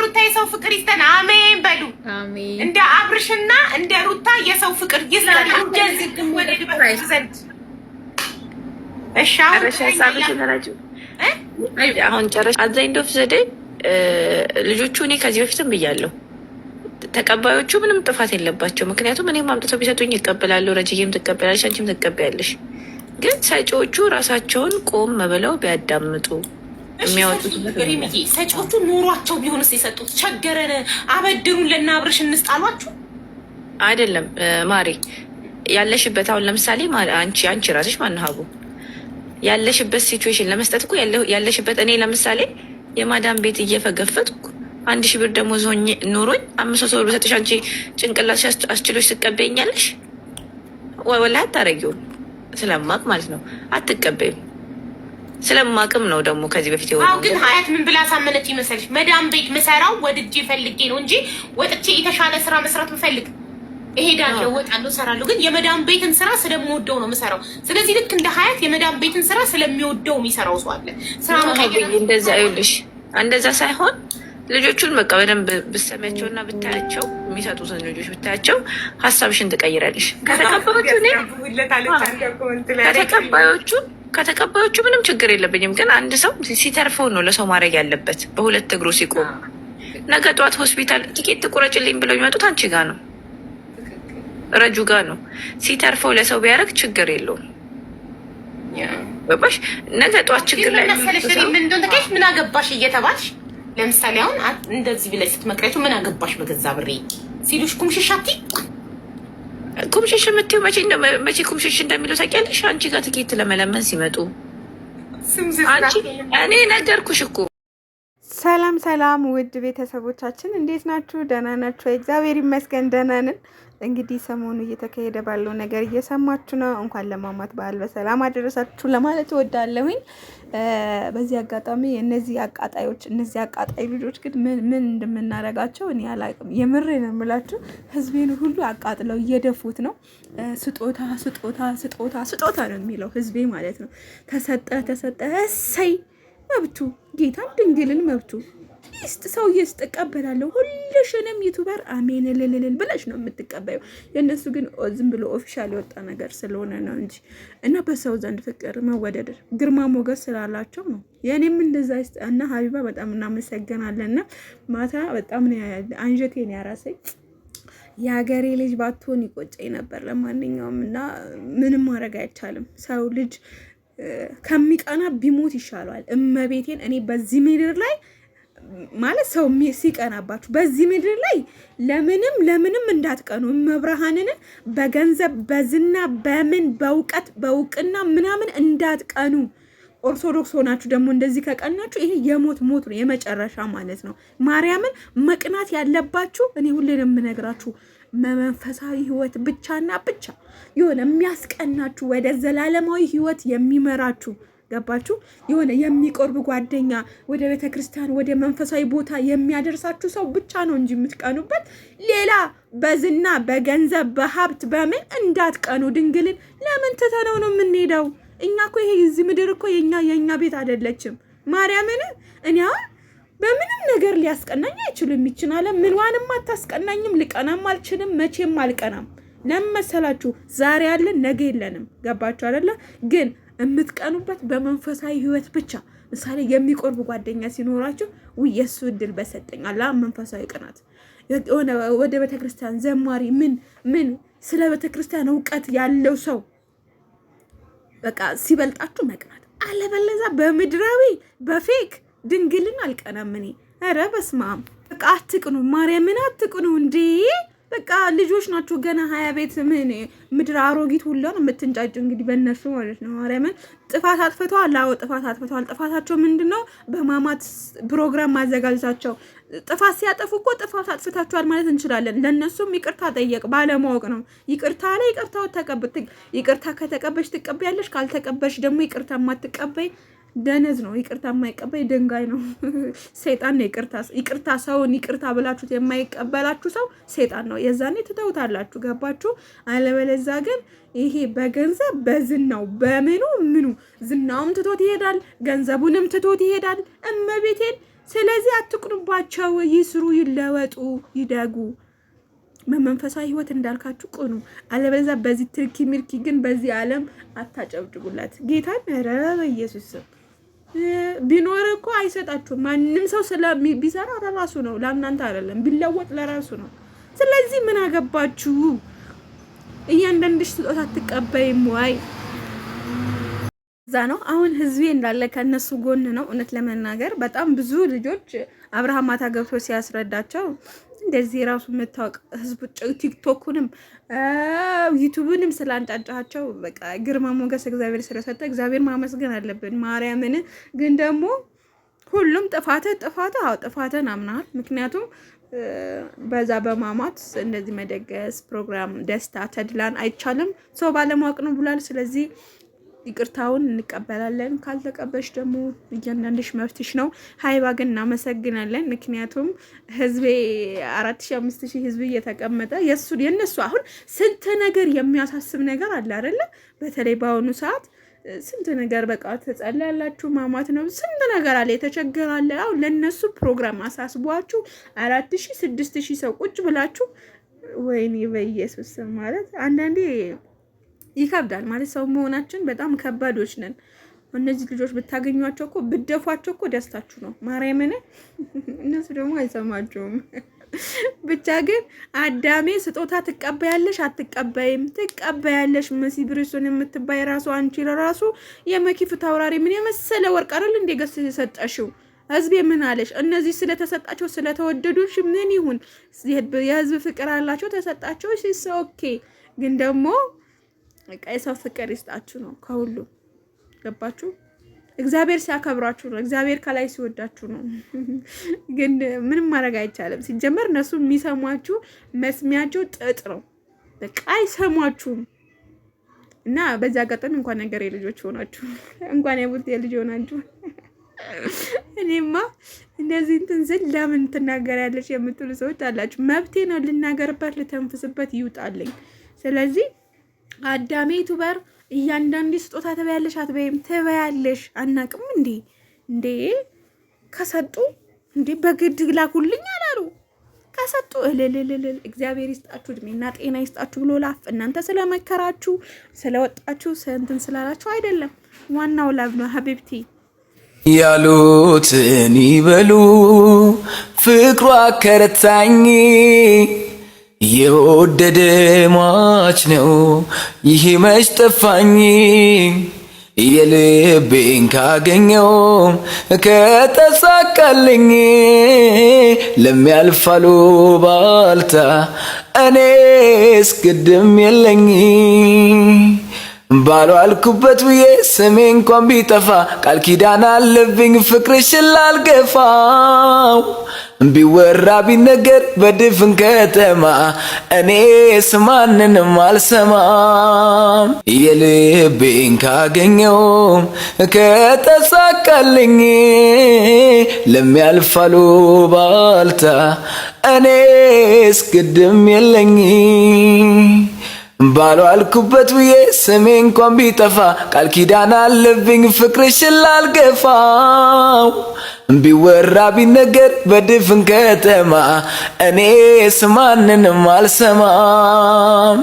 ሩታ የሰው ፍቅር ይስጠን። አሜን በሉ። እንደ አብርሽና እንደ ሩታ የሰው ፍቅር ይስጠን። አሁን ጨረሽ አብዛኝ ዶፍ ዘዴ ልጆቹ እኔ ከዚህ በፊትም ብያለሁ፣ ተቀባዮቹ ምንም ጥፋት የለባቸው። ምክንያቱም እኔም አምጥተው ቢሰጡኝ ይቀበላሉ። ረጅዬም ትቀበላለሽ፣ አንቺም ትቀበያለሽ። ግን ሰጪዎቹ ራሳቸውን ቆም ብለው ቢያዳምጡ የሚያወጡት ሰጪዎቹ ኑሯቸው ቢሆንስ የሰጡት ቸገረን አበድሩን ለእነ አብርሽ እንስጣሏችሁ አይደለም ማሬ ያለሽበት አሁን ለምሳሌ አንቺ አንቺ ራስሽ ማናሀቡ ያለሽበት ሲቹዌሽን ለመስጠት እኮ ያለሽበት እኔ ለምሳሌ የማዳም ቤት እየፈገፈጥኩ አንድ ሺህ ብር ደግሞ ዞኝ ኑሮኝ አምስት መቶ ብር ሰጥሽ አንቺ ጭንቅላትሽ አስችሎች ትቀበኛለሽ ወላ አታረጊውም ስለማቅ ማለት ነው አትቀበይም። ስለማቅም ነው ደግሞ ከዚህ በፊት የሆነ ግን ሀያት ምን ብላ ሳመነች ይመስልሽ? መዳም ቤት ምሰራው ወድጄ ፈልጌ ነው እንጂ ወጥቼ የተሻለ ስራ መስራት ምፈልግ እሄዳለሁ፣ እወጣለሁ፣ እሰራለሁ። ግን የመዳም ቤትን ስራ ስለምወደው ነው ምሰራው። ስለዚህ ልክ እንደ ሀያት የመዳም ቤትን ስራ ስለሚወደው የሚሰራው ሰው አለ። ስራ እንደዛ ይልሽ እንደዛ ሳይሆን ልጆቹን በቃ በደንብ ብሰሚያቸው እና ብታያቸው የሚሰጡትን ልጆች ብታያቸው ሀሳብሽን ትቀይራለሽ ከተቀባዮቹ ከተቀባዮቹ ምንም ችግር የለብኝም። ግን አንድ ሰው ሲተርፈው ነው ለሰው ማድረግ ያለበት። በሁለት እግሩ ሲቆም ነገ ጠዋት ሆስፒታል ቲኬት ትቁረጭልኝ ብለው የሚመጡት አንቺ ጋ ነው፣ ረጁ ጋ ነው። ሲተርፈው ለሰው ቢያደርግ ችግር የለውም። ገባሽ? ነገ ጠዋት ችግር ላይ ምን አገባሽ እየተባልሽ ለምሳሌ አሁን እንደዚህ ብላይ ስትመክሪያቸው ምን አገባሽ በገዛ ብሬ ሲሉሽ ኩምሽሻቲ ኩምሽሽ የምትይው መቼ ኩምሽሽ እንደሚሉ ታውቂያለሽ? አንቺ ጋር ትኬት ለመለመን ሲመጡ እኔ ነገርኩሽ እኮ። ሰላም ሰላም፣ ውድ ቤተሰቦቻችን እንዴት ናችሁ? ደህና ናችሁ? እግዚአብሔር ይመስገን ደህና ነን። እንግዲህ ሰሞኑ እየተካሄደ ባለው ነገር እየሰማችሁ ነው። እንኳን ለማማት በዓል በሰላም አደረሳችሁ ለማለት እወዳለሁኝ። በዚህ አጋጣሚ እነዚህ አቃጣዮች እነዚህ አቃጣይ ልጆች ግን ምን እንደምናደርጋቸው እኔ አላውቅም። የምሬ ነው የምላችሁ፣ ህዝቤን ሁሉ አቃጥለው እየደፉት ነው። ስጦታ ስጦታ ስጦታ ስጦታ ነው የሚለው ህዝቤ ማለት ነው። ተሰጠ ተሰጠ እሰይ መብቱ ጌታም ድንግልን መብቱ ይስጥ ሰውዬ ይስጥ፣ እቀበላለሁ። ሁልሽንም ዩቱበር አሜን ልልልል ብለሽ ነው የምትቀበዩ። የእነሱ ግን ዝም ብሎ ኦፊሻል የወጣ ነገር ስለሆነ ነው እንጂ እና በሰው ዘንድ ፍቅር፣ መወደድ፣ ግርማ ሞገስ ስላላቸው ነው። የእኔም እንደዛ ይስጥ እና ሀቢባ በጣም እናመሰግናለን። እና ማታ በጣም አንጀቴን ያራሰኝ የሀገሬ ልጅ ባትሆን ይቆጨኝ ነበር። ለማንኛውም እና ምንም ማድረግ አይቻልም። ሰው ልጅ ከሚቀና ቢሞት ይሻለዋል። እመቤቴን እኔ በዚህ ምድር ላይ ማለት ሰው ሲቀናባችሁ በዚህ ምድር ላይ ለምንም ለምንም እንዳትቀኑ። መብርሃንን በገንዘብ በዝና በምን በእውቀት በእውቅና ምናምን እንዳትቀኑ። ኦርቶዶክስ ሆናችሁ ደግሞ እንደዚህ ከቀናችሁ ይሄ የሞት ሞት ነው፣ የመጨረሻ ማለት ነው። ማርያምን መቅናት ያለባችሁ እኔ ሁሌ ነው የምነግራችሁ በመንፈሳዊ ህይወት ብቻና ብቻ የሆነ የሚያስቀናችሁ ወደ ዘላለማዊ ህይወት የሚመራችሁ ገባችሁ? የሆነ የሚቆርብ ጓደኛ፣ ወደ ቤተ ክርስቲያን፣ ወደ መንፈሳዊ ቦታ የሚያደርሳችሁ ሰው ብቻ ነው እንጂ የምትቀኑበት ሌላ በዝና በገንዘብ በሀብት በምን እንዳትቀኑ። ድንግልን ለምን ትተነው ነው የምንሄደው? እኛ እኮ ይሄ እዚህ ምድር እኮ የኛ የእኛ ቤት አይደለችም። ማርያምን እኔ በምንም ነገር ሊያስቀናኝ አይችልም። ይችን አለም ምንዋንም አታስቀናኝም። ልቀናም አልችልም፣ መቼም አልቀናም። ለመሰላችሁ ዛሬ አለን ነገ የለንም። ገባችሁ አይደለ? ግን የምትቀኑበት በመንፈሳዊ ህይወት ብቻ። ምሳሌ የሚቆርብ ጓደኛ ሲኖራችሁ ውይ የእሱ እድል በሰጠኛል። አላ መንፈሳዊ ቅናት የሆነ ወደ ቤተክርስቲያን ዘማሪ ምን ምን ስለ ቤተክርስቲያን እውቀት ያለው ሰው በቃ ሲበልጣችሁ መቅናት። አለበለዛ በምድራዊ በፌክ ድንግልን አልቀናም እኔ። ኧረ በስመ አብ በቃ አትቅኑ፣ ማርያምን አትቅኑ እንዴ! በቃ ልጆች ናቸው ገና ሀያ ቤት ምን ምድር አሮጊት ሁላ ነው የምትንጫጭ። እንግዲህ በእነሱ ማለት ነው። ማርያምን ጥፋት አጥፍተዋል። አዎ ጥፋት አጥፍተዋል። ጥፋታቸው ምንድን ነው? በማማት ፕሮግራም ማዘጋጀታቸው። ጥፋት ሲያጠፉ እኮ ጥፋት አጥፍታችኋል ማለት እንችላለን። ለእነሱም ይቅርታ ጠየቅ ባለማወቅ ነው። ይቅርታ ላይ ይቅርታው ተቀብ ይቅርታ ከተቀበሽ ትቀበያለሽ፣ ካልተቀበሽ ደግሞ ይቅርታ ማትቀበይ ደነዝ ነው። ይቅርታ የማይቀበል ደንጋይ ነው፣ ሰይጣን ነው። ይቅርታ ይቅርታ ሰውን ይቅርታ ብላችሁት የማይቀበላችሁ ሰው ሰይጣን ነው። የዛኔ ትተውታላችሁ። ገባችሁ? አለበለዛ ግን ይሄ በገንዘብ በዝናው በምኑ ምኑ ዝናውም ትቶት ይሄዳል፣ ገንዘቡንም ትቶት ይሄዳል። እመቤቴን። ስለዚህ አትቁንባቸው ይስሩ፣ ይለወጡ፣ ይደጉ። በመንፈሳዊ ህይወት እንዳልካችሁ ቁኑ አለበለዚያ በዚህ ትርኪ ምርኪ ግን በዚህ ዓለም አታጨብጭቡላት ጌታን። ኧረ ኢየሱስ ስም ቢኖር እኮ አይሰጣችሁም። ማንም ሰው ስለቢሰራ ለራሱ ነው፣ ለእናንተ አይደለም። ቢለወጥ ለራሱ ነው። ስለዚህ ምን አገባችሁ? እያንዳንድሽ ስጦታ አትቀበይም ወይ? እዛ ነው አሁን ህዝቤ እንዳለ ከእነሱ ጎን ነው። እውነት ለመናገር በጣም ብዙ ልጆች አብርሃም ማታ ገብቶ ሲያስረዳቸው እንደዚህ ራሱ የምታወቅ ህዝቡ ቲክቶኩንም ዩቱብንም ስላንጫጫቸው በቃ ግርማ ሞገስ እግዚአብሔር ስለሰጠ እግዚአብሔር ማመስገን አለብን። ማርያምን ግን ደግሞ ሁሉም ጥፋተ ጥፋተ አዎ ጥፋተን አምናል። ምክንያቱም በዛ በማማት እንደዚህ መደገስ ፕሮግራም፣ ደስታ፣ ተድላን አይቻልም። ሰው ባለማወቅ ነው ብሏል። ስለዚህ ይቅርታውን እንቀበላለን። ካልተቀበልሽ ደግሞ እያንዳንድሽ መብትሽ ነው። ሀይባ ግን እናመሰግናለን። ምክንያቱም ህዝቤ አራት ሺ አምስት ሺ ህዝብ እየተቀመጠ የእሱ የእነሱ አሁን ስንት ነገር የሚያሳስብ ነገር አለ አይደለ? በተለይ በአሁኑ ሰዓት ስንት ነገር በቃ ተጸላላችሁ ማማት ነው። ስንት ነገር አለ የተቸገራለ። አሁን ለእነሱ ፕሮግራም አሳስቧችሁ አራት ሺ ስድስት ሺ ሰው ቁጭ ብላችሁ ወይኔ በኢየሱስ ማለት አንዳንዴ ይከብዳል ማለት ሰው መሆናችን በጣም ከባዶች ነን። እነዚህ ልጆች ብታገኟቸው እኮ ብደፏቸው እኮ ደስታችሁ ነው። ማርያምን እነሱ ደግሞ አይሰማችሁም። ብቻ ግን አዳሜ ስጦታ ትቀበያለሽ አትቀበይም? ትቀበያለሽ። መሲ ብሪሶን የምትባይ ራሱ አንቺ ለራሱ የመኪ ፊት ምን የመሰለ ወርቅ አይደል እንዴ ገስ የሰጠሽው ህዝቤ ምን አለሽ? እነዚህ ስለተሰጣቸው ስለተወደዱሽ ምን ይሁን የህዝብ ፍቅር አላቸው ተሰጣቸው ሲስ ኦኬ ግን ደግሞ በቃ የሰው ፍቅር ይስጣችሁ ነው ከሁሉ ገባችሁ። እግዚአብሔር ሲያከብራችሁ ነው። እግዚአብሔር ከላይ ሲወዳችሁ ነው። ግን ምንም ማድረግ አይቻልም። ሲጀመር እነሱ የሚሰሟችሁ መስሚያቸው ጥጥ ነው። በቃ አይሰሟችሁም። እና በዚህ አጋጣሚ እንኳን ነገር የልጆች ሆናችሁ እንኳን የቡት የልጅ ሆናችሁ እኔማ እንደዚህ እንትን ስል ለምን ትናገሪያለሽ የምትሉ ሰዎች አላችሁ። መብቴ ነው ልናገርበት፣ ልተንፍስበት ይውጣልኝ። ስለዚህ አዳሜ ቱበር እያንዳንድ ስጦታ ትበያለሽ አትበይም? ትበያለሽ አናቅም እንዴ? እንዴ ከሰጡ እንዴ በግድ ላኩልኝ አላሉ። ከሰጡ እልልልልል እግዚአብሔር ይስጣችሁ እድሜና ጤና ይስጣችሁ ብሎ ላፍ። እናንተ ስለመከራችሁ ስለወጣችሁ ስንትን ስላላችሁ አይደለም። ዋናው ላብ ነው ሀቢብቲ ያሉትን ይበሉ ፍቅሯ ከረታኝ የወደደ ሟች ነው ይሄ መች ጠፋኝ የልቤን ካገኘው ከተሳካልኝ ለሚያልፋሉ ባልታ እኔ ግድም የለኝ ባሉ አልኩበት ብዬ ስሜ እንኳን ቢጠፋ ቃል ኪዳን አለብኝ ፍቅርሽ ላልገፋው ቢወራ ቢነገር በድፍን ከተማ እኔስ ማንንም አልሰማም። የልቤን ካገኘውም ከተሳካልኝ ለሚያልፋሉ ባልታ እኔስ ግድም የለኝ ባሉ አልኩበት ብዬ ስሜ እንኳን ቢጠፋ ቃል ኪዳን አለብኝ ፍቅርሽን ላልገፋው ቢወራ ቢነገር በድፍን ከተማ እኔስ ማንንም አልሰማም።